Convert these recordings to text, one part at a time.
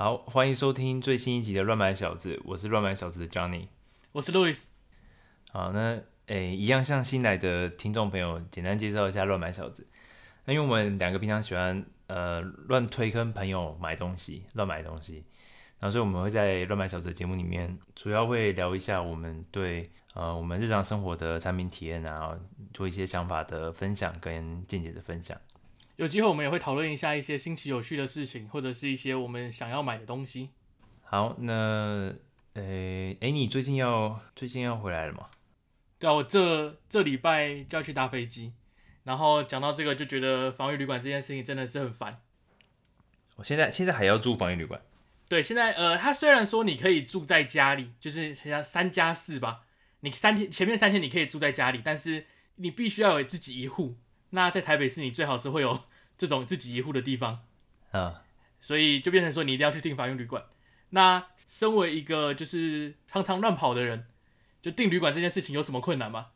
好，歡迎收聽最新一集的《亂買小子》，我是亂買小子的 Johnny，我是 Louis。好，那誒，一樣向新來的聽眾朋友簡單介紹一下《亂買小子》。那因為我們兩個平常喜歡呃亂推坑朋友買東西，亂買東西，然後所以我們會在《亂買小子》的節目裡面，主要會聊一下我們對呃我們日常生活的產品體驗啊，然後做一些想法的分享跟見解的分享。有機會我們也會討論一下一些新奇有趣的事情，或者是一些我們想要買的東西。好，那誒哎，欸欸、你最近要最近要回來了嗎？對啊，我這這禮拜就要去搭飛機。然後講到這個，就覺得防疫旅館這件事情真的是很煩。我現在現在還要住防疫旅館？對，現在呃，他雖然說你可以住在家裡，就是像三加四吧，你三天前面三天你可以住在家裡，但是你必須要有自己一戶。那在台北市，你最好是會有。這種自己一戶的地方，啊、嗯，所以就變成說你一定要去訂防疫旅館。那身為一個就是常常亂跑的人，就訂旅館這件事情有什麼困難嗎？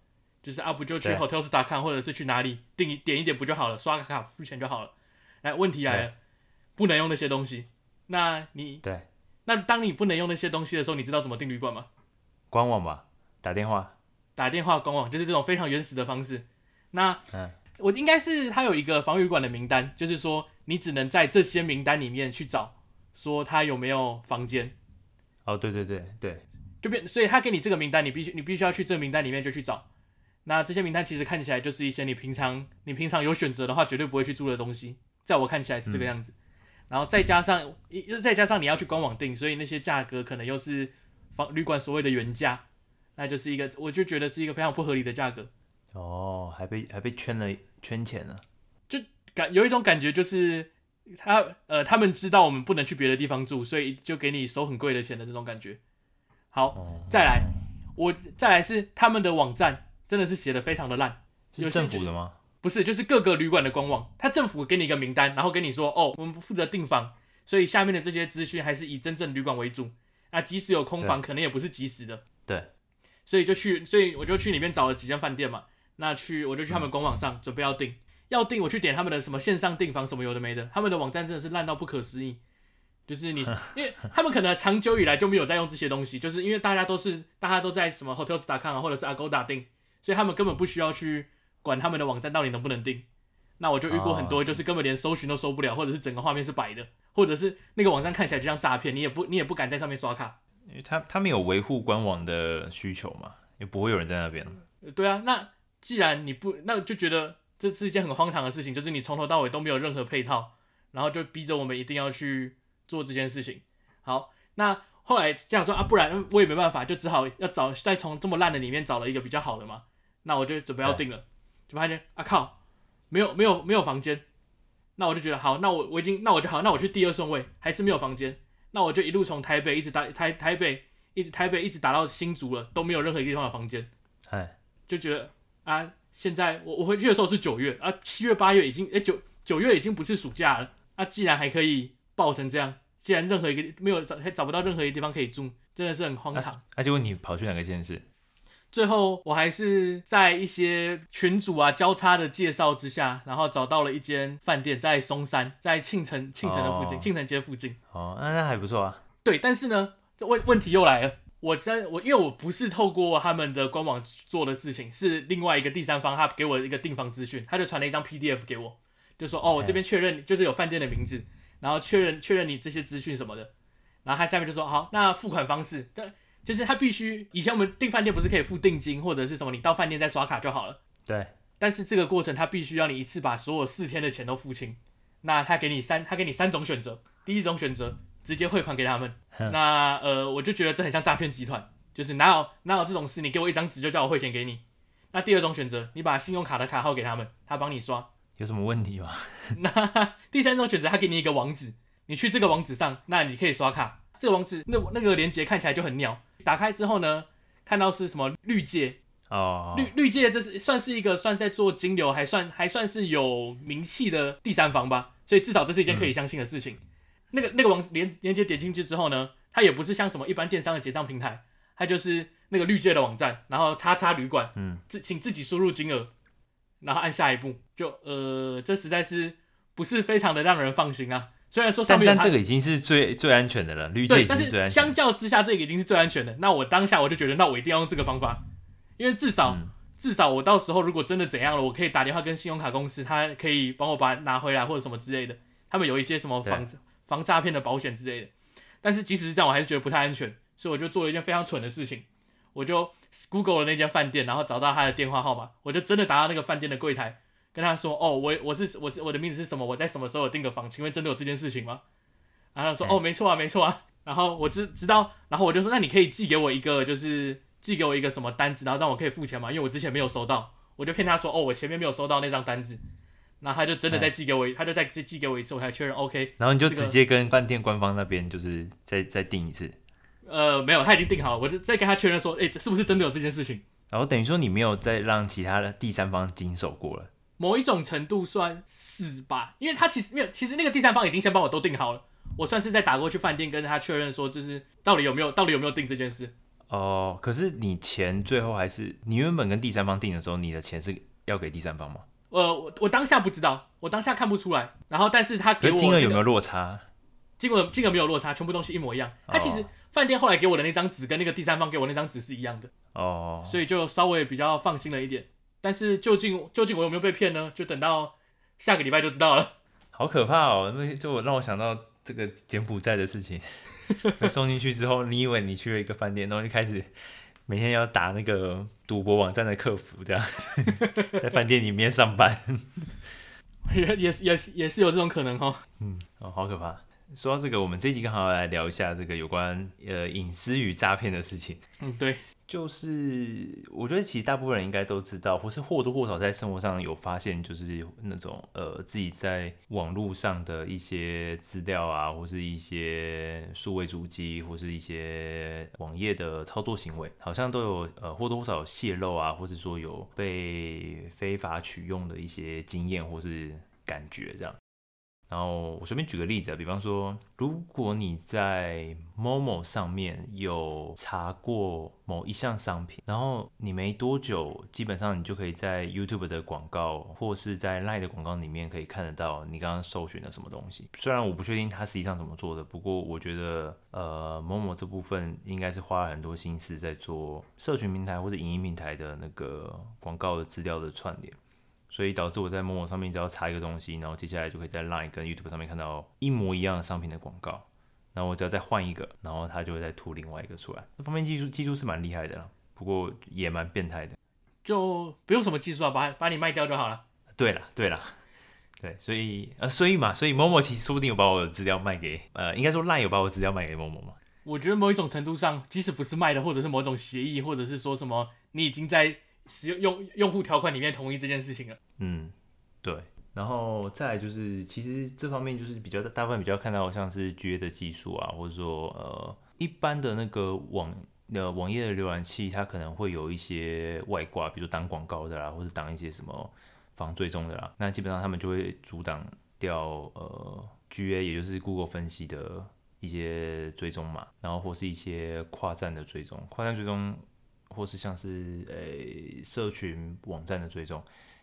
就是啊，不就去 Hotels.com 或者是去哪裡訂一點一點點不就好了，刷個卡付錢就好了。來，問題來了，不能用那些東西。那你對，那當你不能用那些東西的時候，你知道怎麼訂旅館嗎？官網吧，打電話，打電話官網就是這種非常原始的方式。那嗯。我應該是他有一個防疫旅館的名單，就是說你只能在這些名單裡面去找，說他有沒有房間。哦，對對對對，就變，所以他給你這個名單，你必須你必須要去這個名單裡面就去找。那這些名單其實看起來就是一些你平常你平常有選擇的話絕對不會去住的東西，在我看起來是這個樣子。嗯、然後再加上又再加上你要去官網訂，所以那些價格可能又是防疫旅館所謂的原價，那就是一個我就覺得是一個非常不合理的價格。哦，還被還被圈了圈錢了，就感有一種感覺，就是他呃，他們知道我們不能去別的地方住，所以就給你收很貴的錢的這種感覺。好，再來，哦、我再來是他們的網站真的是寫得非常的爛，是、就是、政府的嗎？不是，就是各個旅館的官網，他政府給你一個名單，然後跟你說哦，我們不負責訂房，所以下面的這些資訊還是以真正旅館為主。那，即使有空房，可能也不是即時的。對，所以就去，所以我就去裡面找了幾間飯店嘛。那去我就去他們官網上、嗯、準備要訂，要訂我去點他們的什麼線上訂房什麼有的沒的，他們的網站真的是爛到不可思議。就是你，因為他們可能長久以來就沒有在用這些東西，就是因為大家都是大家都在什麼 Hotels.com 或者是 Agoda 訂，所以他們根本不需要去管他們的網站到底能不能訂。那我就遇過很多，就是根本連搜尋都搜不了，或者是整個畫面是白的，或者是那個網站看起來就像詐騙，你也不你也不敢在上面刷卡。因為他他們有維護官網的需求嘛，也不會有人在那邊。對啊，那。既然你不，那就覺得這是一件很荒唐的事情，就是你從頭到尾都沒有任何配套，然後就逼着我們一定要去做這件事情。好，那後來這樣說啊，不然我也沒辦法，就只好要找再從這麼爛的裡面找了一個比較好的嘛。那我就準備要定了，就發現啊靠，沒有沒有沒有房間。那我就覺得好，那我我已經那我，那我就好，那我去第二順位還是沒有房間。那我就一路從台北一直打台台北，一直台北一直打到新竹了，都沒有任何一個地方的房間。哎，就覺得。啊，現在我我回去的時候是九月啊，七月八月已經哎九九月已經不是暑假了。啊，既然還可以爆成這樣，既然任何一個沒有找還找不到任何一個地方可以住，真的是很荒唐。那就問你跑去哪個縣市？最後我還是在一些群組啊，交叉的介紹之下，然後找到了一間飯店，在松山，在慶城慶城的附近，哦、慶城街附近。哦，那、啊、那還不錯啊。對，但是呢，這問問題又來了。我真我因為我不是透過他們的官網做的事情，是另外一個第三方，他給我一個訂房資訊，他就傳了一張 PDF 給我，就說哦，我這邊確認就是有飯店的名字，然後確認確認你這些資訊什麼的，然後他下面就說好，哦，那付款方式，對，就是他必須，以前我們訂飯店不是可以付定金或者是什麼，你到飯店再刷卡就好了，對，但是這個過程他必須要你一次把所有四天的錢都付清，那他給你三他給你三種選擇，第一種選擇。直接匯款給他們，那呃，我就覺得這很像詐騙集團，就是哪有哪有這種事？你給我一張紙就叫我匯錢給你。那第二種選擇，你把信用卡的卡號給他們，他幫你刷，有什麼問題嗎？那第三種選擇，他給你一個網址，你去這個網址上，那你可以刷卡。這個網址那那個鏈接看起來就很鳥，打開之後呢，看到是什麼綠界哦，綠綠界這是算是一個算是在做金流，還算還算是有名氣的第三方吧，所以至少這是一件可以相信的事情。嗯那個那個網連連接點進去之後呢，它也不是像什麼一般電商的結賬平台，它就是那個綠界的網站，然後叉叉旅館，嗯，自請自己輸入金額，然後按下一步，就呃，這實在是不是非常的讓人放心啊。雖然說上面的但但這個已經是最最安全的了，綠界已經是最安全。相較之下，這個已經是最安全的。那我當下我就覺得，那我一定要用這個方法，因為至少、嗯、至少我到時候如果真的怎樣了，我可以打電話跟信用卡公司，他可以幫我把它拿回來或者什麼之類的。他們有一些什麼方。防詐騙的保險之類的，但是即使是這樣，我還是覺得不太安全，所以我就做了一件非常蠢的事情，我就 Google 了那間飯店，然後找到他的電話號碼，我就真的打到那個飯店的櫃台，跟他說：“哦，我我是我是我的名字是什麼？我在什麼時候有訂個房？請問真的有這件事情嗎？”然後他說：“哦，沒錯啊，沒錯啊。”然後我知知道，然後我就說：“那你可以寄給我一個，就是寄給我一個什麼單子，然後讓我可以付錢嗎？因為我之前沒有收到。”我就騙他說：“哦，我前面沒有收到那張單子。”那他就真的再寄給我一、嗯，他就再寄給我一次，我才確認。O K。然後你就直接跟飯店官方那邊就是再再訂一次。呃，沒有，他已經訂好了，我就再跟他確認說，哎，是不是真的有這件事情？然後等於說你沒有再讓其他的第三方經手過了。某一種程度算是吧，因為他其實沒有，其實那個第三方已經先幫我都訂好了，我算是在打過去飯店跟他確認說，就是到底有沒有，到底有沒有訂這件事。哦、呃，可是你錢最後還是你原本跟第三方訂的時候，你的錢是要給第三方嗎？呃我，我當下不知道，我當下看不出來。然後，但是他給我、這個、金額有沒有落差？金額金額沒有落差，全部東西一模一樣。哦、他其實飯店後來給我的那張紙跟那個第三方給我的那張紙是一樣的。哦，所以就稍微比較放心了一點。但是究竟究竟我有沒有被騙呢？就等到下個禮拜就知道了。好可怕哦！那就讓我想到這個柬埔寨的事情。 送進去之後，你以為你去了一個飯店，然後就開始。每天要打那個賭博網站的客服，這樣 在飯店裡面上班 也是，也也也是也是有這種可能哦。嗯，哦，好可怕。說到這個，我們這一集剛好要來聊一下這個有關呃隱私與詐騙的事情。嗯，對。就是，我覺得其實大部分人應該都知道，或是或多或少在生活上有發現，就是那種呃自己在網絡上的一些資料啊，或是一些數位足跡，或是一些網頁的操作行為，好像都有呃或多或少有洩露啊，或是說有被非法取用的一些經驗或是感覺這樣。然後我隨便舉個例子啊，比方說，如果你在 Momo 上面有查過某一項商品，然後你沒多久，基本上你就可以在 YouTube 的廣告或是在 Line 的廣告裡面可以看得到你剛剛搜尋了什麼東西。雖然我不確定它實際上怎麼做的，不過我覺得呃 Momo 這部分應該是花了很多心思在做社群平台或者影音平台的那個廣告的資料的串聯。所以導致我在 Momo 上面只要查一個東西，然後接下來就可以在 Line 跟 YouTube 上面看到一模一樣的商品的廣告。然後我只要再換一個，然後他就會再吐另外一個出來。這方面技術技術是蠻厲害的啦，不過也蠻變態的。就不用什麼技術啊，把把你賣掉就好了。對了對了，對，所以呃所以嘛，所以 Momo 其實說不定有把我的資料賣給呃，應該說 Line 有把我的資料賣給 Momo 嘛。我覺得某一種程度上，即使不是賣的，或者是某種協議，或者是說什麼你已經在。使用用用戶條款裡面同意這件事情啊，嗯，對。然後再來就是，其實這方面就是比較大部分比較看到像是 GA 的技術啊，或者說呃一般的那個網、呃、網頁的瀏覽器，它可能會有一些外掛，比如說擋廣告的啦，或者擋一些什麼防追蹤的啦。那基本上他們就會阻擋掉呃 GA，也就是 Google 分析的一些追蹤嘛，然後或是一些跨站的追蹤，跨站追蹤。或是像是、欸，社群網站的追蹤，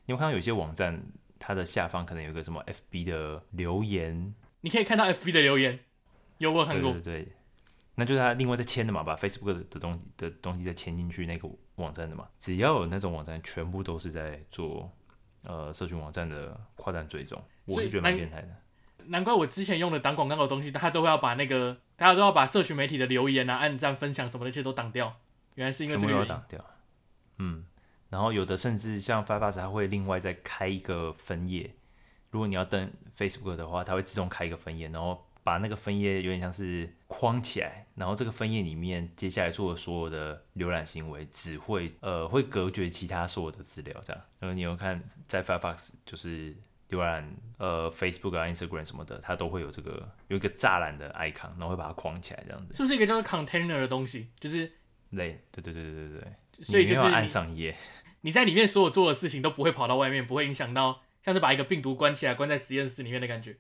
你有，有看到有些網站它的下方可能有個什麼 FB 的留言，你可以看到 FB 的留言，有我看過，對對對，那就是他另外再簽的嘛，把 Facebook 的東的東西再簽進去那個網站的嘛，只要有那種網站，全部都是在做呃社群網站的跨站追蹤，我是覺得蠻變態的，難怪我之前用的擋廣告的東西，大家都會要把那個大家都要把社群媒體的留言啊、按讚、分享什麼的，這些都擋掉。原來是因為沒有擋掉，嗯，然後有的甚至像 Firefox，它會另外再開一個分頁。如果你要登 Facebook 的話，它會自動開一個分頁，然後把那個分頁有點像是框起來，然後這個分頁裡面接下來做的所有的瀏覽行為，只會呃會隔絕其他所有的資料這樣。然後你有看在 Firefox 就是瀏覽呃 Facebook 啊 Instagram 什麼的，它都會有這個有一個柵欄的 icon，然後會把它框起來這樣子。是不是一個叫做 container 的東西？就是累，對對對對對對，所以就是暗上夜，你在裡面所有做的事情都不會跑到外面，不會影響到，像是把一個病毒關起來，關在實驗室裡面的感覺。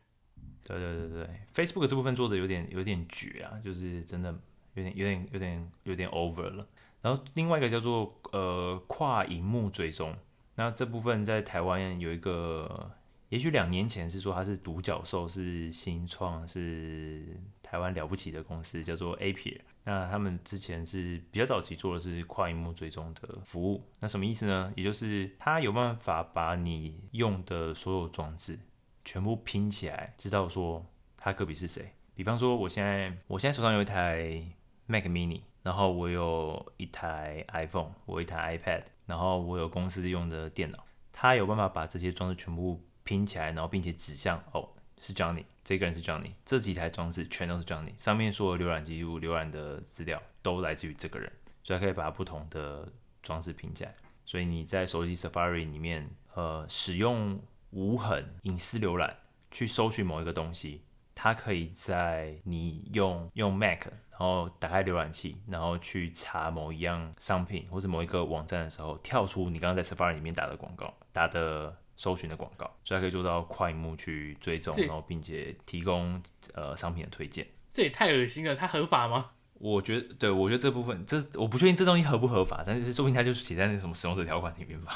對對對對，Facebook 這部分做的有點有點絕啊，就是真的有點有點有點有點 over 了。然後另外一個叫做呃跨螢幕追蹤，那這部分在台灣有一個，也許兩年前是說它是獨角獸，是新創，是台灣了不起的公司，叫做 Appier。那他們之前是比較早期做的是跨熒幕追蹤的服務，那什麼意思呢？也就是他有辦法把你用的所有裝置全部拼起來，知道說它個別是誰。比方說我現在我現在手上有一台 Mac mini，然後我有一台 iPhone，我有一台 iPad，然後我有公司用的電腦，他有辦法把這些裝置全部拼起來，然後並且指向哦。是 Johnny，這個人是 Johnny，這幾台裝置全都是 Johnny。上面所有瀏覽記錄、瀏覽的資料都來自於這個人，所以可以把不同的裝置拼起來。所以你在手機 Safari 裡面，呃，使用無痕隱私瀏覽去搜尋某一個東西，它可以在你用用 Mac，然後打開瀏覽器，然後去查某一樣商品或者某一個網站的時候，跳出你剛剛在 Safari 裡面打的廣告，打的。搜尋的廣告，所以它可以做到跨螢幕去追蹤，然後並且提供呃商品的推薦。這也太噁心了，它合法嗎？我覺得，對我覺得這部分，這我不確定這東西合不合法，但是說不定它就是寫在那什麼使用者條款裡面吧。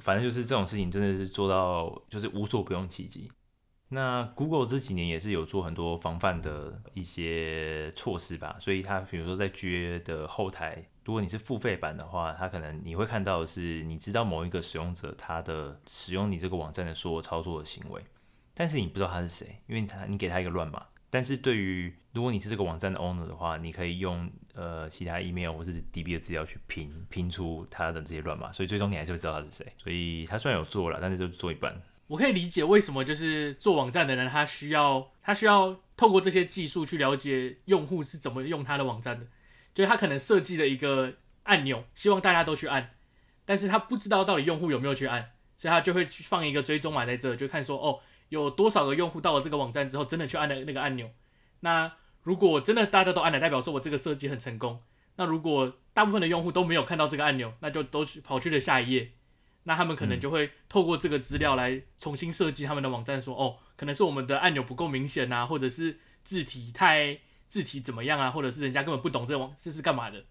反正就是這種事情真的是做到就是無所不用其極。那 Google 這幾年也是有做很多防範的一些措施吧，所以它比如說在 GA 的後台。如果你是付費版的話，他可能你會看到的是你知道某一個使用者他的使用你這個網站的所有操作的行為，但是你不知道他是誰，因為他你給他一個亂碼。但是對於如果你是這個網站的 owner 的話，你可以用呃其他 email 或是 DB 的資料去拼拼出他的這些亂碼，所以最終你還是會知道他是誰。所以他雖然有做了，但是就做一半。我可以理解為什麼就是做網站的人他需要他需要透過這些技術去了解用戶是怎麼用他的網站的。就他可能設計了一個按鈕，希望大家都去按，但是他不知道到底用戶有沒有去按，所以他就會去放一個追蹤碼在這，就看說，哦，有多少個用戶到了這個網站之後真的去按了那個按鈕。那如果真的大家都按了，代表說我這個設計很成功。那如果大部分的用戶都沒有看到這個按鈕，那就都去跑去了下一頁，那他們可能就會透過這個資料來重新設計他們的網站說，說哦可能是我們的按鈕不夠明顯吶、啊，或者是字體太。字體怎麼樣啊？或者是人家根本不懂這網這是幹嘛的，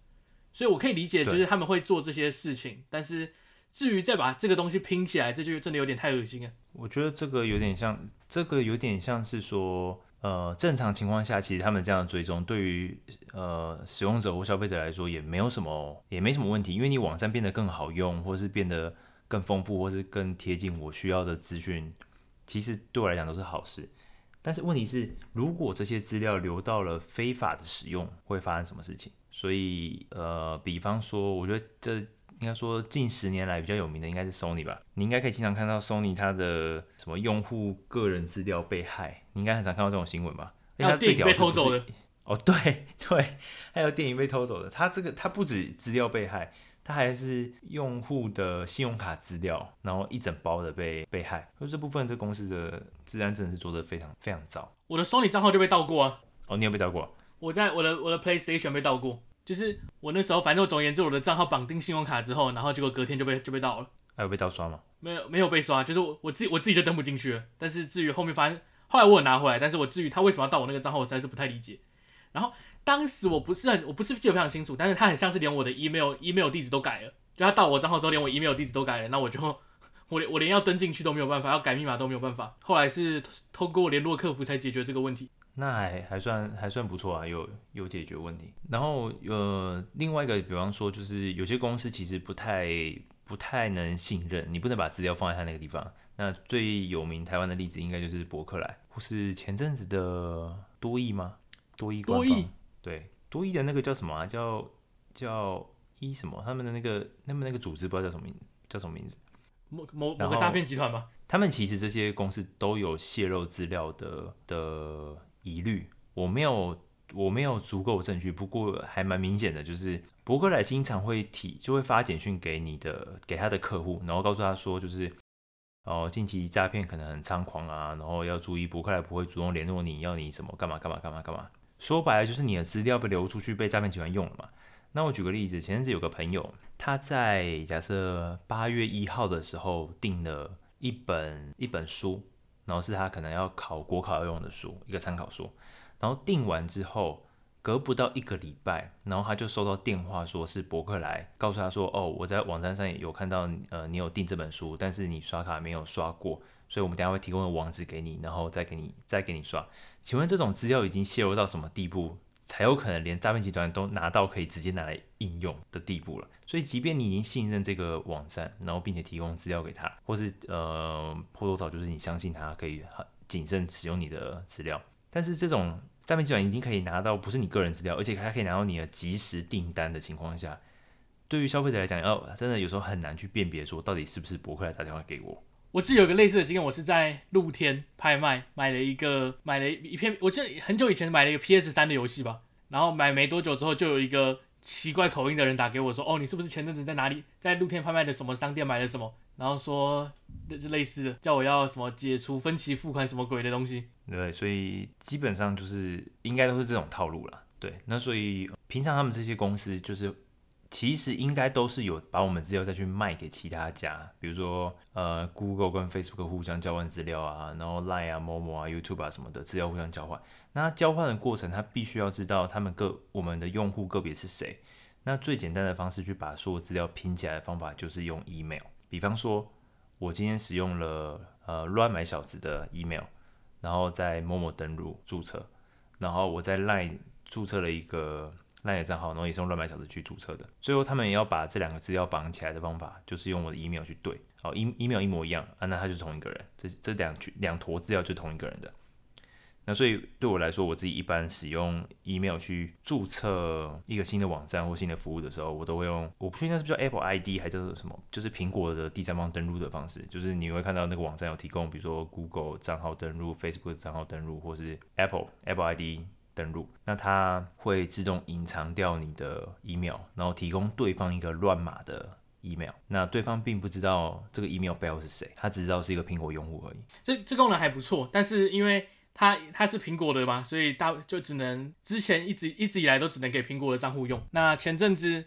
所以我可以理解，就是他們會做這些事情。但是至於再把這個東西拼起來，這就真的有點太噁心了。我覺得這個有點像，嗯、這個有點像是說，呃，正常情況下，其實他們這樣追蹤，對於呃使用者或消費者來說也沒有什麼，也沒什麼問題。因為你網站變得更好用，或是變得更豐富，或是更貼近我需要的資訊，其實對我來講都是好事。但是問題是，如果這些資料流到了非法的使用，會發生什麼事情？所以，呃，比方說，我覺得這應該說近十年來比較有名的應該是 Sony 吧。你應該可以經常看到 Sony 他的什麼用戶個人資料被害，你應該很常看到這種新聞吧？因為電影被偷走的，哦，對對，還有電影被偷走的，他這個他不止資料被害，他還是用戶的信用卡資料，然後一整包的被被害，說這部分這公司的資安真的是做得非常非常糟。我的 Sony 賬號就被盜過啊！哦，你有被盜過、啊？我在我的我的 PlayStation 被盜過，就是我那時候反正我總言之我的賬號綁定信用卡之後，然後結果隔天就被就被盜了。還、啊、有被盜刷嗎？沒有沒有被刷，就是我,我自己我自己就登不進去了。但是至於後面發現後來我有拿回來，但是我至於他為什麼要盜我那個賬號，我實在是不太理解。然後當時我不是很，我不是記得非常清楚，但是他很像是連我的 email email 地址都改了，就他盜我賬號之後，連我 email 地址都改了，那我就我我連要登進去都沒有辦法，要改密碼都沒有辦法。後來是通過聯絡客服才解決這個問題。那還還算還算不錯啊，有有解決問題。然後呃，另外一個，比方說就是有些公司其實不太不太能信任，你不能把資料放在他那個地方。那最有名台灣的例子應該就是伯克萊，不是前陣子的多益嗎？多一公司，對多一的那個叫什麼啊，叫叫一什麼？他們的那個，他們那個組織不知道叫什麼名字，叫什麼名字？某某某個詐騙集團嗎？他們其實這些公司都有泄露資料的的疑慮，我沒有，我沒有足夠證據，不過還蠻明顯的，就是伯克萊經常會提，就會發簡訊給你的，給他的客戶，然後告訴他說，就是哦，近期詐騙可能很猖狂啊，然後要注意，伯克萊不會主動聯絡你，要你什麼幹嘛幹嘛幹嘛幹嘛。說白了就是你的資料被流出去，被詐騙集團用了嘛。那我舉個例子，前陣子有個朋友，他在假設八月一號的時候訂了一本一本書，然後是他可能要考國考要用的書，一個參考書。然後訂完之後，隔不到一個禮拜，然後他就收到電話，說是博客來告訴他說，哦，我在網站上也有看到呃你有訂這本書，但是你刷卡沒有刷過。所以，我們等下會提供網址給你，然後再給你，再給你刷。請問這種資料已經泄露到什麼地步，才有可能連詐騙集團都拿到，可以直接拿來應用的地步了？所以，即便你已經信任這個網站，然後並且提供資料給他，或是呃，或多少就是你相信他可以很謹慎使用你的資料。但是，這種詐騙集團已經可以拿到不是你個人資料，而且還可以拿到你的即時訂單的情況下，對於消費者來講，要、哦、真的有時候很難去辨別說到底是不是博客來打電話給我。我自己有一個類似的經驗，我是在露天拍賣買了一個買了一片，我記得很久以前買了一個 PS 三的遊戲吧，然後買沒多久之後就有一個奇怪口音的人打給我說，哦，你是不是前陣子在哪裡在露天拍賣的什麼商店買的什麼？然後說這、就是類似的，叫我要什麼解除分期付款什麼鬼的東西，對，所以基本上就是應該都是這種套路了，對，那所以平常他們這些公司就是。其實應該都是有把我們資料再去賣給其他家，比如說呃，Google 跟 Facebook 互相交換資料啊，然後 Line 啊、某某啊、YouTube 啊什麼的資料互相交換。那交換的過程，他必須要知道他們個我們的用戶個別是誰。那最簡單的方式去把所有資料拼起來的方法，就是用 Email。比方說我今天使用了呃亂買小子的 Email，然後在某某登錄注冊，然後我在 Line 注冊了一個。那你的賬號，然後也是用亂碼小子去注冊的。最後他們也要把這兩個資料綁起來的方法，就是用我的 email 去對，好，email 一模一樣啊，那他就是同一個人。這這兩兩坨資料就同一個人的。那所以對我來說，我自己一般使用 email 去注冊一個新的網站或新的服務的時候，我都會用。我不確定是不是叫 Apple ID 還叫做什麼，就是蘋果的第三方登錄的方式。就是你會看到那個網站有提供，比如說 Google 賬號登錄、Facebook 賬號登錄，或是 Apple Apple ID。登入，那它會自動隱藏掉你的 email，然後提供對方一個亂碼的 email，那對方並不知道這個 email 背後是誰，他只知道是一個蘋果用戶而已。這這功能還不錯，但是因為它它是蘋果的嘛，所以它就只能之前一直一直以來都只能給蘋果的賬戶用。那前陣子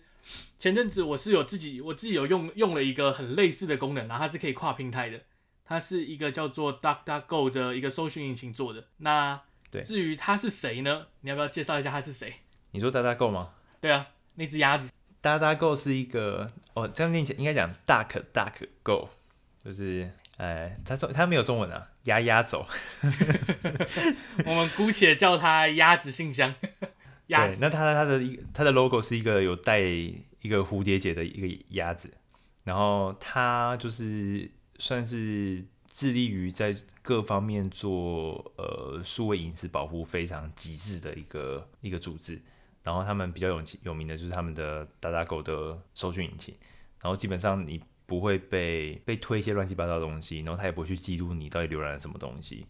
前陣子我是有自己我自己有用用了一個很類似的功能，然後它是可以跨平台的，它是一個叫做 DuckDuckGo 的一個搜尋引擎做的。那至於他是誰呢？你要不要介紹一下他是誰？你說“ Dada Go” 嗎？對啊，那只鴨子“ Dada Go” 是一個哦，這樣念講應該講 “duck duck go”，就是呃、哎，他說他沒有中文啊，“鴨鴨走。” 我們姑且叫他“鴨子信箱”鴨。鴨子，那他的他的一他的 logo 是一個有帶一個蝴蝶結的一個鴨子，然後他就是算是。致力於在各方面做呃數位隱私保護非常極致的一個一個組織，然後他們比較有名有名的就是他們的打打狗的搜尋引擎，然後基本上你不會被被推一些亂七八糟的東西，然後他也不會去記錄你到底瀏覽了什麼東西，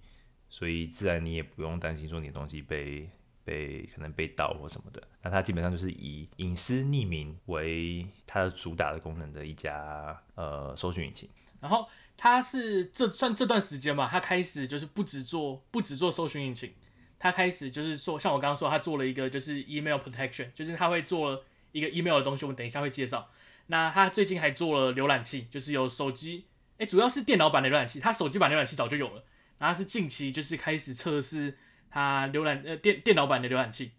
所以自然你也不用擔心說你的東西被被可能被盜或什麼的，那他基本上就是以隱私匿名為它的主打的功能的一家呃搜尋引擎，然後。他是這算這段時間吧，他開始就是不止做不止做搜尋引擎，他開始就是說，像我剛剛說，他做了一個就是 email protection，就是他會做了一個 email 的東西，我們等一下會介紹。那他最近還做了瀏覽器，就是有手機，哎、欸，主要是電腦版的瀏覽器，他手機版瀏覽器早就有了，然後是近期就是開始測試他瀏覽呃電電腦版的瀏覽器。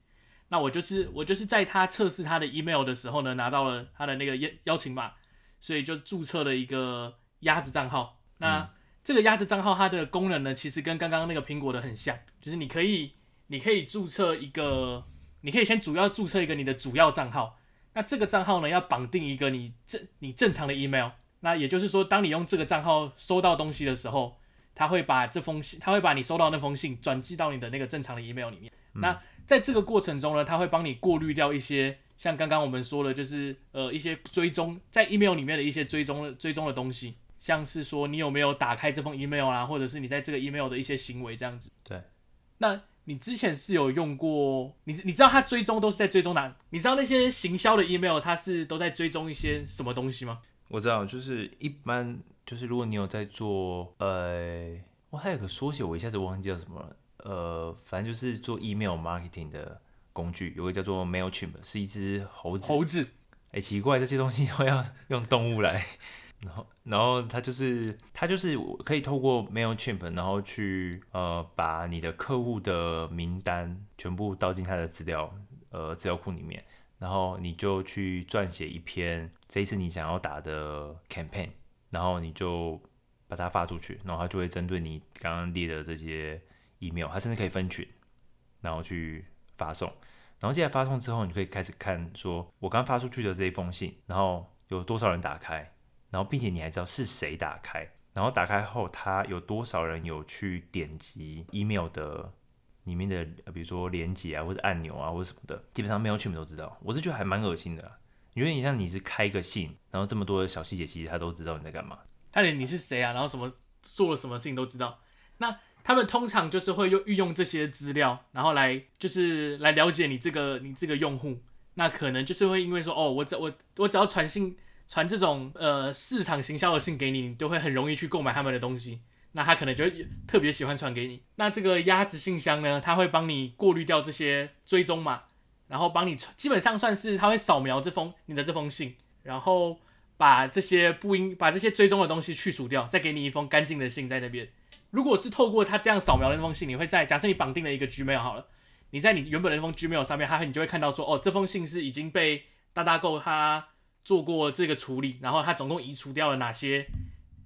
那我就是我就是在他測試他的 email 的時候呢，拿到了他的那個邀邀請碼，所以就註冊了一個。鴨子賬號，那這個鴨子賬號它的功能呢，其實跟剛剛那個蘋果的很像，就是你可以，你可以注冊一個，你可以先主要注冊一個你的主要賬號，那這個賬號呢要綁定一個你，你正你正常的 email，那也就是說，當你用這個賬號收到東西的時候，它會把這封信，它會把你收到那封信轉寄到你的那個正常的 email 裡面，嗯、那在這個過程中呢，它會幫你過濾掉一些，像剛剛我們說的，就是呃一些追蹤在 email 裡面的一些追蹤追蹤的東西。像是說你有沒有打開這封 email 啊，或者是你在這個 email 的一些行為這樣子。對，那你之前是有用過，你你知道他追蹤都是在追蹤哪？你知道那些行銷的 email，它是都在追蹤一些什麼東西嗎？我知道，就是一般就是如果你有在做，呃，我還有個縮寫，我一下子忘記叫什麼了，呃，反正就是做 email marketing 的工具，有個叫做 Mailchimp，是一隻猴子。猴子，哎、欸，奇怪，這些東西都要用動物來。然後，然後他就是他就是可以透過 Mailchimp，然後去呃把你的客戶的名單全部倒進他的資料呃資料庫裡面，然後你就去撰寫一篇這一次你想要打的 campaign，然後你就把它發出去，然後他就會針對你剛剛列的這些 email，他甚至可以分群，然後去發送，然後現在發送之後，你可以開始看說我剛發出去的這一封信，然後有多少人打開。然後，並且你還知道是誰打開，然後打開後，他有多少人有去點擊 email 的裡面的，比如說連接啊，或者按鈕啊，或者什麼的，基本上沒有全部都知道。我是覺得還蠻噁心的啦，你覺得你像你是開個信，然後這麼多的小細節，其實他都知道你在幹嘛，他連你是誰啊，然後什麼做了什麼事情都知道。那他們通常就是會用運用這些資料，然後來就是來了解你這個你這個用戶。那可能就是會因為說，哦，我只我我只要傳信。傳這種呃市場行銷的信給你，你就會很容易去購買他們的東西。那他可能就特別喜歡傳給你。那這個鴨子信箱呢，他會幫你過濾掉這些追蹤碼，然後幫你基本上算是他會掃描這封你的這封信，然後把這些不應把這些追蹤的東西去除掉，再給你一封乾淨的信在那邊。如果是透過他這樣掃描的那封信，你會在假設你綁定了一個 Gmail 好了，你在你原本的那封 Gmail 上面，它、你就會看到說，哦，這封信是已經被 DuckDuckGo 他做過這個處理，然後他總共移除掉了哪些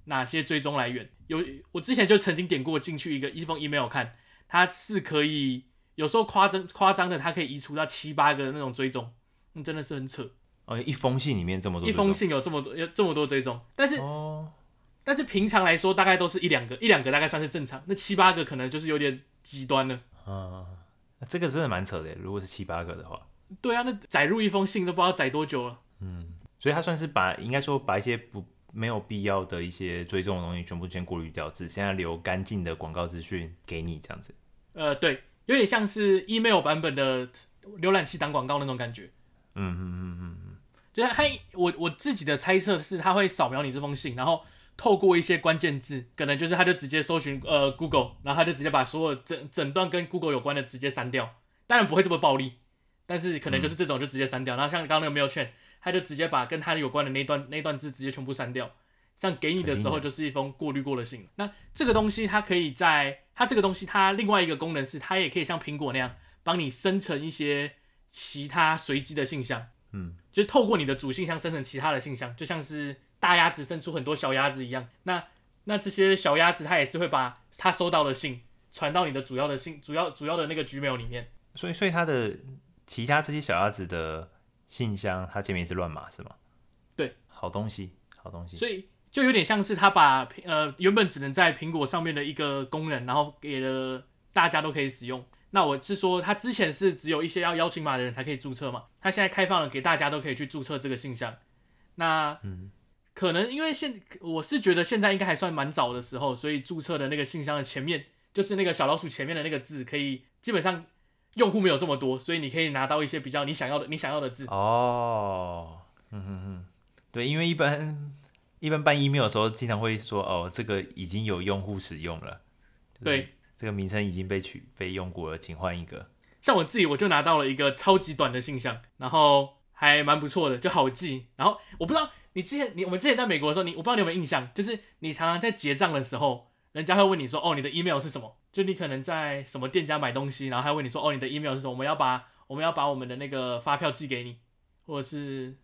哪些追蹤來源？有我之前就曾經點過進去一個一封 email 看，它是可以有時候誇張誇張的，它可以移除到七八個的那種追蹤，那、嗯、真的是很扯。哦，一封信裡面這麼多追，一封信有這麼多有這麼多追蹤，但是、哦、但是平常來說大概都是一兩個一兩個大概算是正常，那七八個可能就是有點極端了。啊、哦，這個真的蠻扯的，如果是七八個的話。對啊，那載入一封信都不知道載多久了。嗯。所以他算是把應該說把一些不沒有必要的一些追蹤的東西全部先過濾掉，只剩下留乾淨的廣告資訊給你這樣子。呃，對，有點像是 email 版本的瀏覽器擋廣告那種感覺。嗯嗯嗯嗯嗯。就是他，他，我我自己的猜測是，他會掃描你這封信，然後透過一些關鍵字，可能就是他就直接搜尋呃 Google，然後他就直接把所有整整段跟 Google 有關的直接刪掉。當然不會這麼暴力，但是可能就是這種就直接刪掉、嗯。然後像剛剛那個 mailchain 他就直接把跟他有關的那段那段字直接全部刪掉，這樣給你的時候就是一封過濾過的信。那這個東西它可以在它這個東西它另外一個功能是它也可以像蘋果那樣幫你生成一些其他隨機的信箱，嗯，就是透過你的主信箱生成其他的信箱，就像是大鴨子生出很多小鴨子一樣。那那這些小鴨子它也是會把它收到的信傳到你的主要的信，主要主要的那個 Gmail 裡面。所以所以它的其他這些小鴨子的。信箱，它前面是亂碼是嗎？對，好東西，好東西，所以就有點像是他把呃原本只能在蘋果上面的一個功能，然後給了大家都可以使用。那我是說，他之前是只有一些要邀請碼的人才可以註冊嘛？他現在開放了給大家都可以去註冊這個信箱。那嗯，可能因為現我是覺得現在應該還算蠻早的時候，所以註冊的那個信箱的前面就是那個小老鼠前面的那個字，可以基本上。用戶沒有這麼多，所以你可以拿到一些比較你想要的、你想要的字。哦，嗯哼哼，對，因為一般一般辦 email 的時候，經常會說哦，這個已經有用戶使用了，就是、對，這個名稱已經被取被用過了，請換一個。像我自己，我就拿到了一個超級短的信箱，然後還蠻不錯的，就好記。然後我不知道你之前你我們之前在美國的時候，你我不知道你有沒有印象，就是你常常在結賬的時候，人家會問你說哦，你的 email 是什麼？就你可能在什麼店家買東西，然後他問你說：“哦，你的 email 是什麼？我們要把我們要把我們的那個發票寄給你，或者是……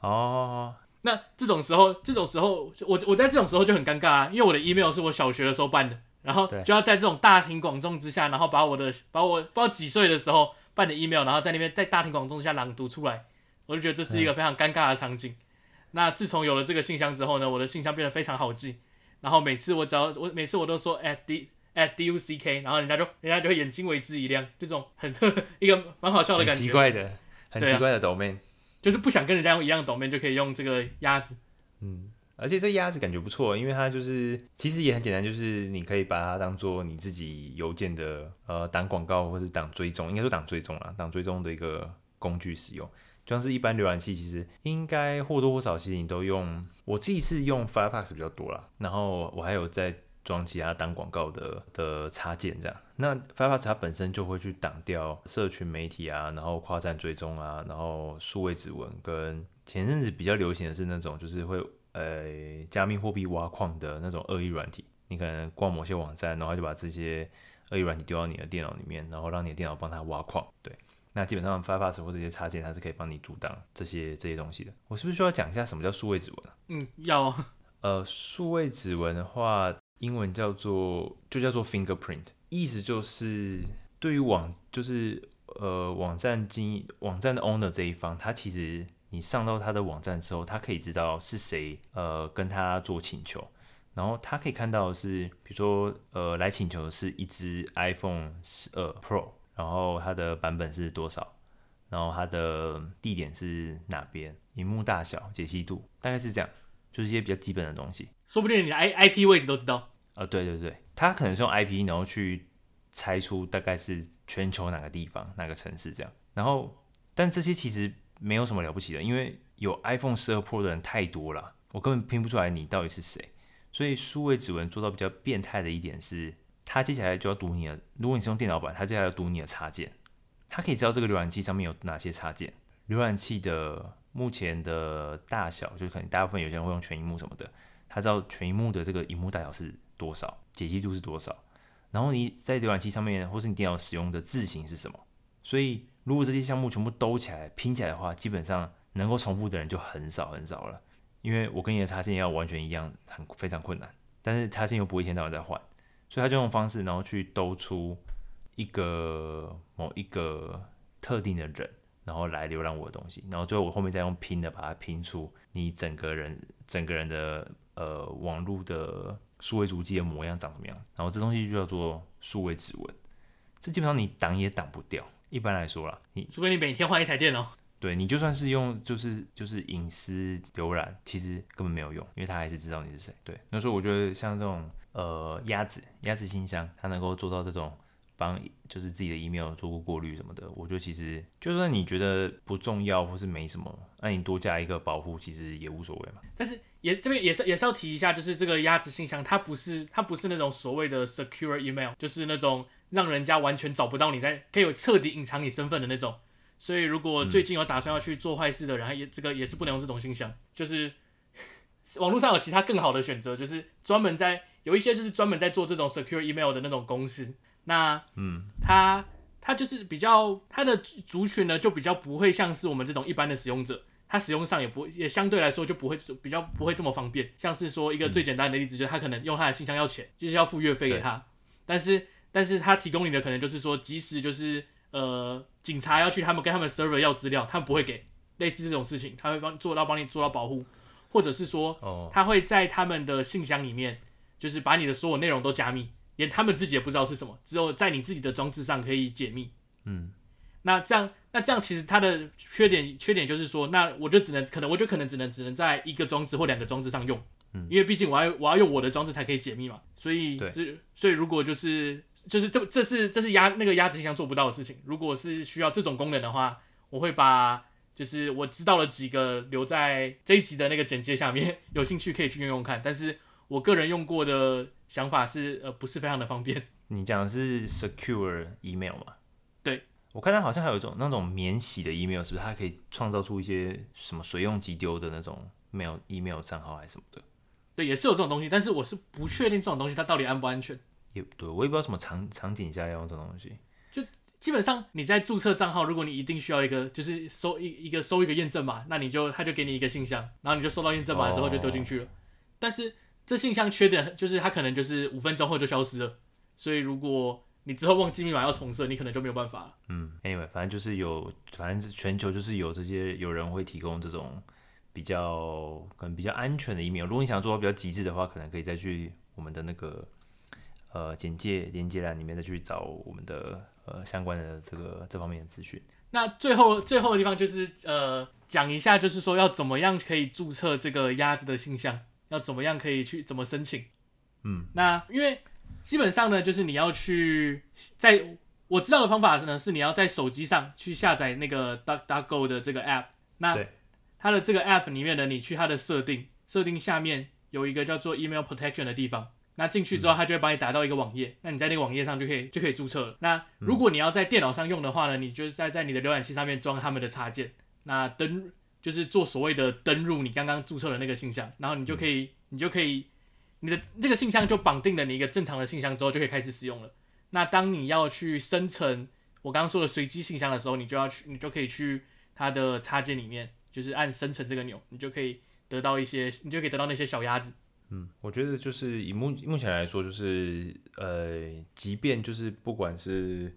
哦、oh, oh, oh.，那這種時候，這種時候，我我在這種時候就很尷尬啊，因為我的 email 是我小學的時候辦的，然後就要在這種大庭廣眾之下，然後把我的把我不知道幾歲的時候辦的 email，然後在那邊在大庭廣眾之下朗讀出來，我就覺得這是一個非常尷尬的場景。嗯、那自從有了這個信箱之後呢，我的信箱變得非常好記，然後每次我只要我每次我都說，誒、欸。The, At D U C K，然後人家就，人家就會眼睛為之一亮，就這種很呵呵一個蠻好笑的感覺。很奇怪的，很奇怪的 domain，對啊，就是不想跟人家用一樣的 domain，就可以用這個鴨子。嗯，而且這鴨子感覺不錯，因為它就是其實也很簡單，就是你可以把它當做你自己郵件的呃擋廣告或者擋追蹤，應該說擋追蹤啦，擋追蹤的一個工具使用。就像是一般瀏覽器，其實應該或多或少其實你都用。我自己是用 Firefox 比較多啦，然後我還有在。裝機啊，當廣告的的插件，這樣，那 Firefox 他本身就會去擋掉社群媒體啊，然後跨站追蹤啊，然後數位指紋，跟前陣子比較流行的是那種就是會呃加密貨幣挖礦的那種惡意軟體，你可能逛某些網站，然後就把這些惡意軟體丟到你的電腦裡面，然後讓你的電腦幫他挖礦。對，那基本上 Firefox 或者這些插件，它是可以幫你阻擋這些這些東西的。我是不是需要講一下什麼叫數位指紋啊？嗯，要。呃，數位指紋的話。英文叫做就叫做 fingerprint，意思就是對於網就是呃網站經網站的 owner 這一方，他其實你上到他的網站之後，他可以知道是誰呃跟他做請求，然後他可以看到的是比如說呃來請求的是一隻 iPhone 12 Pro，然後它的版本是多少，然後它的地點是哪邊，熒幕大小、解析度，大概是這樣，就是一些比較基本的東西，說不定你的 I I P 位置都知道。呃，對對對，他可能是用 IP，然後去猜出大概是全球哪個地方、哪個城市這樣。然後，但這些其實沒有什麼了不起的，因為有 iPhone 12 Pro 的人太多了，我根本拼不出來你到底是誰。所以，數位指紋做到比較變態的一點是，它接下來就要讀你的。如果你是用電腦版，它接下來要讀你的插件，它可以知道這個瀏覽器上面有哪些插件，瀏覽器的目前的大小，就是可能大部分有些人會用全螢幕什麼的。他知道全螢幕的這個熒幕大小是多少，解析度是多少，然後你在瀏覽器上面或是你電腦使用的字型是什麼。所以如果這些項目全部兜起來拼起來的話，基本上能夠重複的人就很少很少了。因為我跟你的插件，要完全一樣，很非常困難。但是插件又不會一天到晚在換，所以他就用方式，然後去兜出一個某一個特定的人，然後來瀏覽我的東西，然後最後我後面再用拼的把它拼出你整個人整個人的。呃，網絡的數位足跡的模樣長什麼樣？然後這東西就叫做數位指紋，這基本上你擋也擋不掉。一般來說啦，你除非你每天換一台電腦，對，你就算是用就是就是隱私瀏覽，其實根本沒有用，因為他還是知道你是誰。對，那時候我覺得像這種呃，鴨子鴨子信箱，它能夠做到這種。幫就是自己的 email 做過過濾什麼的，我就其實就算你覺得不重要或是沒什麼，那你多加一個保護其實也無所謂嘛。但是也這邊也是也是要提一下，就是這個鴨子信箱它不是它不是那種所謂的 secure email，就是那種讓人家完全找不到你在可以有徹底隱藏你身份的那種。所以如果最近有打算要去做壞事的人，然、嗯、後也這個也是不能用這種信箱，就是網絡上有其他更好的選擇，就是專門在有一些就是專門在做這種 secure email 的那種公司。那，嗯，他他就是比較他的族群呢，就比較不會像是我們這種一般的使用者，他使用上也不會也相對來說就不會就比較不會這麼方便。像是說一個最簡單的例子，嗯、就是他可能用他的信箱要錢，就是要付月費給他。但是，但是他提供你的可能就是說，即使就是呃警察要去他們跟他們 server 要資料，他們不會給，類似這種事情，他會幫做到幫你做到保護，或者是說，哦，他會在他們的信箱裡面，哦、就是把你的所有內容都加密。連他們自己也不知道是什麼，只有在你自己的裝置上可以解密。嗯，那這樣，那這樣其實它的缺點，缺點就是說，那我就只能可能，我就可能只能只能在一個裝置或兩個裝置上用。嗯，因為畢竟我要我要用我的裝置才可以解密嘛。所以，所以如果就是就是這這是這是鴨那個鴨子信箱做不到的事情。如果是需要這種功能的話，我會把就是我知道了幾個留在這一集的那個簡介下面，有興趣可以去用用看。但是。我個人用過的想法是，呃，不是非常的方便。你講的是 secure email 嗎？對，我看它好像還有一種那種免洗的 email，是不是它可以創造出一些什麼隨用即丟的那種 mail email 賬號還是什麼的？對，也是有這種東西，但是我是不確定這種東西它到底安不安全。也對，我也不知道什麼場場景下要用這種東西。就基本上你在註冊賬號，如果你一定需要一個就是收一一個收一個驗證碼，那你就他就給你一個信箱，然後你就收到驗證碼之後就丟進去了。Oh. 但是這信箱缺點就是它可能就是五分鐘後就消失了，所以如果你之後忘記密碼要重設，你可能就沒有辦法了。嗯，a y、anyway, 反正就是有，反正是全球就是有這些有人會提供這種比較可能比較安全的 Email。如果你想做到比較極致的話，可能可以再去我們的那個呃簡介連接欄裡面再去找我們的呃相關的這個這方面的資訊。那最後最後的地方就是呃講一下，就是說要怎麼樣可以注冊這個鴨子的信箱。要怎麼樣可以去怎麼申請？嗯，那因為基本上呢，就是你要去在我知道的方法呢，是你要在手機上去下載那個 DuckDuckGo 的這個 app。那它的這個 app 裡面呢，你去它的設定，設定下面有一個叫做 Email Protection 的地方。那進去之後，它就會把你打到一個網頁。嗯。那你在那個網頁上就可以就可以註冊了。那如果你要在電腦上用的話呢，你就是在在你的瀏覽器上面裝他們的插件。那登就是做所謂的登入，你剛剛註冊的那個信箱，然後你就可以，嗯、你就可以，你的這、那個信箱就綁定了你一個正常的信箱之後，就可以開始使用了。那當你要去生成我剛剛說的隨機信箱的時候，你就要去，你就可以去它的插件裡面，就是按生成這個鈕，你就可以得到一些，你就可以得到那些小鴨子。嗯，我覺得就是以目目前來說，就是呃，即便就是不管是。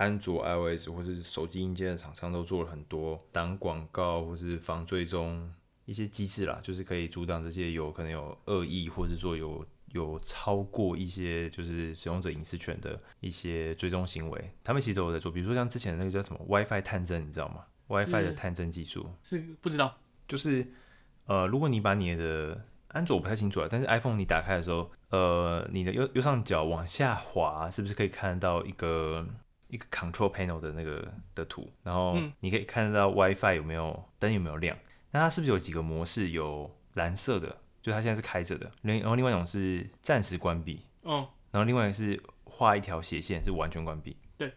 安卓、iOS 或是手機硬件的廠商都做了很多擋廣告或是防追蹤一些機制啦，就是可以阻擋這些有可能有惡意，或是說有有超過一些就是使用者隱私權的一些追蹤行為。他們其實都有在做，比如說像之前的那個叫什麼 WiFi 探針，你知道嗎？WiFi 的探針技術是，是不知道，就是呃，如果你把你的安卓我不太清楚了，但是 iPhone 你打開的時候，呃，你的右右上角往下滑，是不是可以看到一個？一個 control panel 的那個的圖，然後你可以看得到 WiFi 有沒有燈有沒有亮。那它是不是有幾個模式？有藍色的，就它現在是開着的。另然後另外一種是暫時關閉，嗯，然後另外一個是畫一條斜線是完全關閉。對，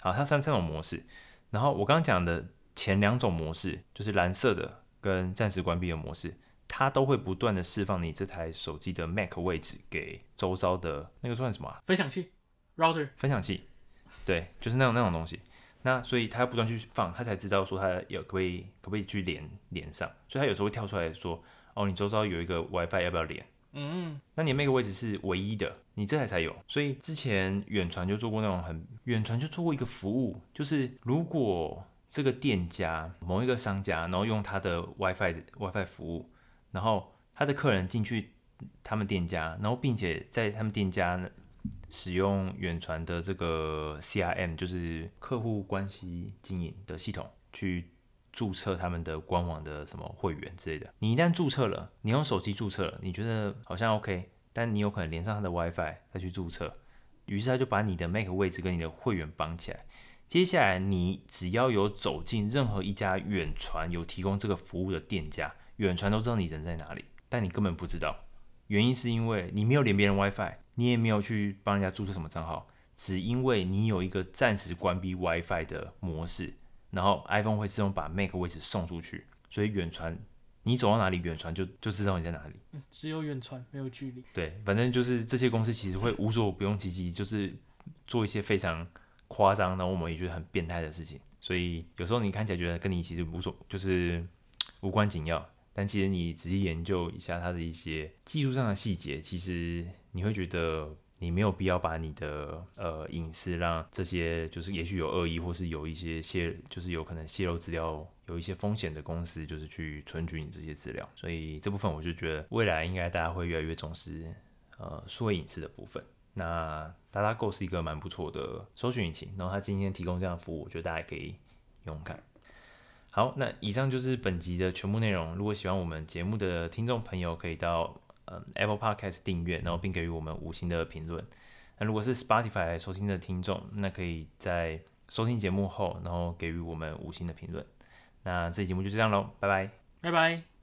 好，它三三種模式。然後我剛剛講的前兩種模式，就是藍色的跟暫時關閉的模式，它都會不斷的釋放你這台手機的 MAC 位置給周遭的那個算什麼、啊？分享器，router 分享器。對，就是那種那種東西，那所以他要不斷去放，他才知道說他有可不可以可不可以去連連上，所以他有時候會跳出來說，哦，你周遭有一個 WiFi，要不要連？嗯嗯。那你那個位置是唯一的，你這台才有，所以之前遠傳就做過那種很，遠傳就做過一個服務，就是如果這個店家某一個商家，然後用他的 WiFi WiFi 服務，然後他的客人進去他們店家，然後並且在他們店家。使用遠傳的這個 CRM，就是客戶關係經營的系統，去註冊他們的官網的什麼會員之類的。你一旦註冊了，你用手機註冊了，你覺得好像 OK，但你有可能連上他的 WiFi 再去註冊，於是他就把你的 MAC 位置跟你的會員綁起來。接下來你只要有走進任何一家遠傳有提供這個服務的店家，遠傳都知道你人在哪裡，但你根本不知道，原因是因為你沒有連別人 WiFi。你也沒有去幫人家註冊什麼賬號，只因為你有一個暫時關閉 WiFi 的模式，然後 iPhone 會自動把 MAC 位置送出去，所以遠傳你走到哪裡，遠傳就就知道你在哪裡。只有遠傳，沒有距離。對，反正就是這些公司其實會無所不用其極，就是做一些非常誇張，然後我們也覺得很變態的事情。所以有時候你看起來覺得跟你其實無所，就是無關緊要。但其實你仔細研究一下它的一些技術上的細節，其實你會覺得你沒有必要把你的呃隱私讓這些就是也許有惡意或是有一些泄就是有可能泄露資料有一些風險的公司就是去存取你這些資料。所以這部分我就覺得未來應該大家會越來越重視呃數位隱私的部分。那 DuckDuckGo 是一個蠻不錯的搜尋引擎，然後它今天提供這樣的服務，我覺得大家也可以用用看。好，那以上就是本集的全部內容。如果喜歡我們節目的聽眾朋友，可以到嗯 Apple Podcast 訂閱，然後並給予我們五星的評論。那如果是 Spotify 收聽的聽眾，那可以在收聽節目後，然後給予我們五星的評論。那這期節目就這樣嘍，拜拜，拜拜。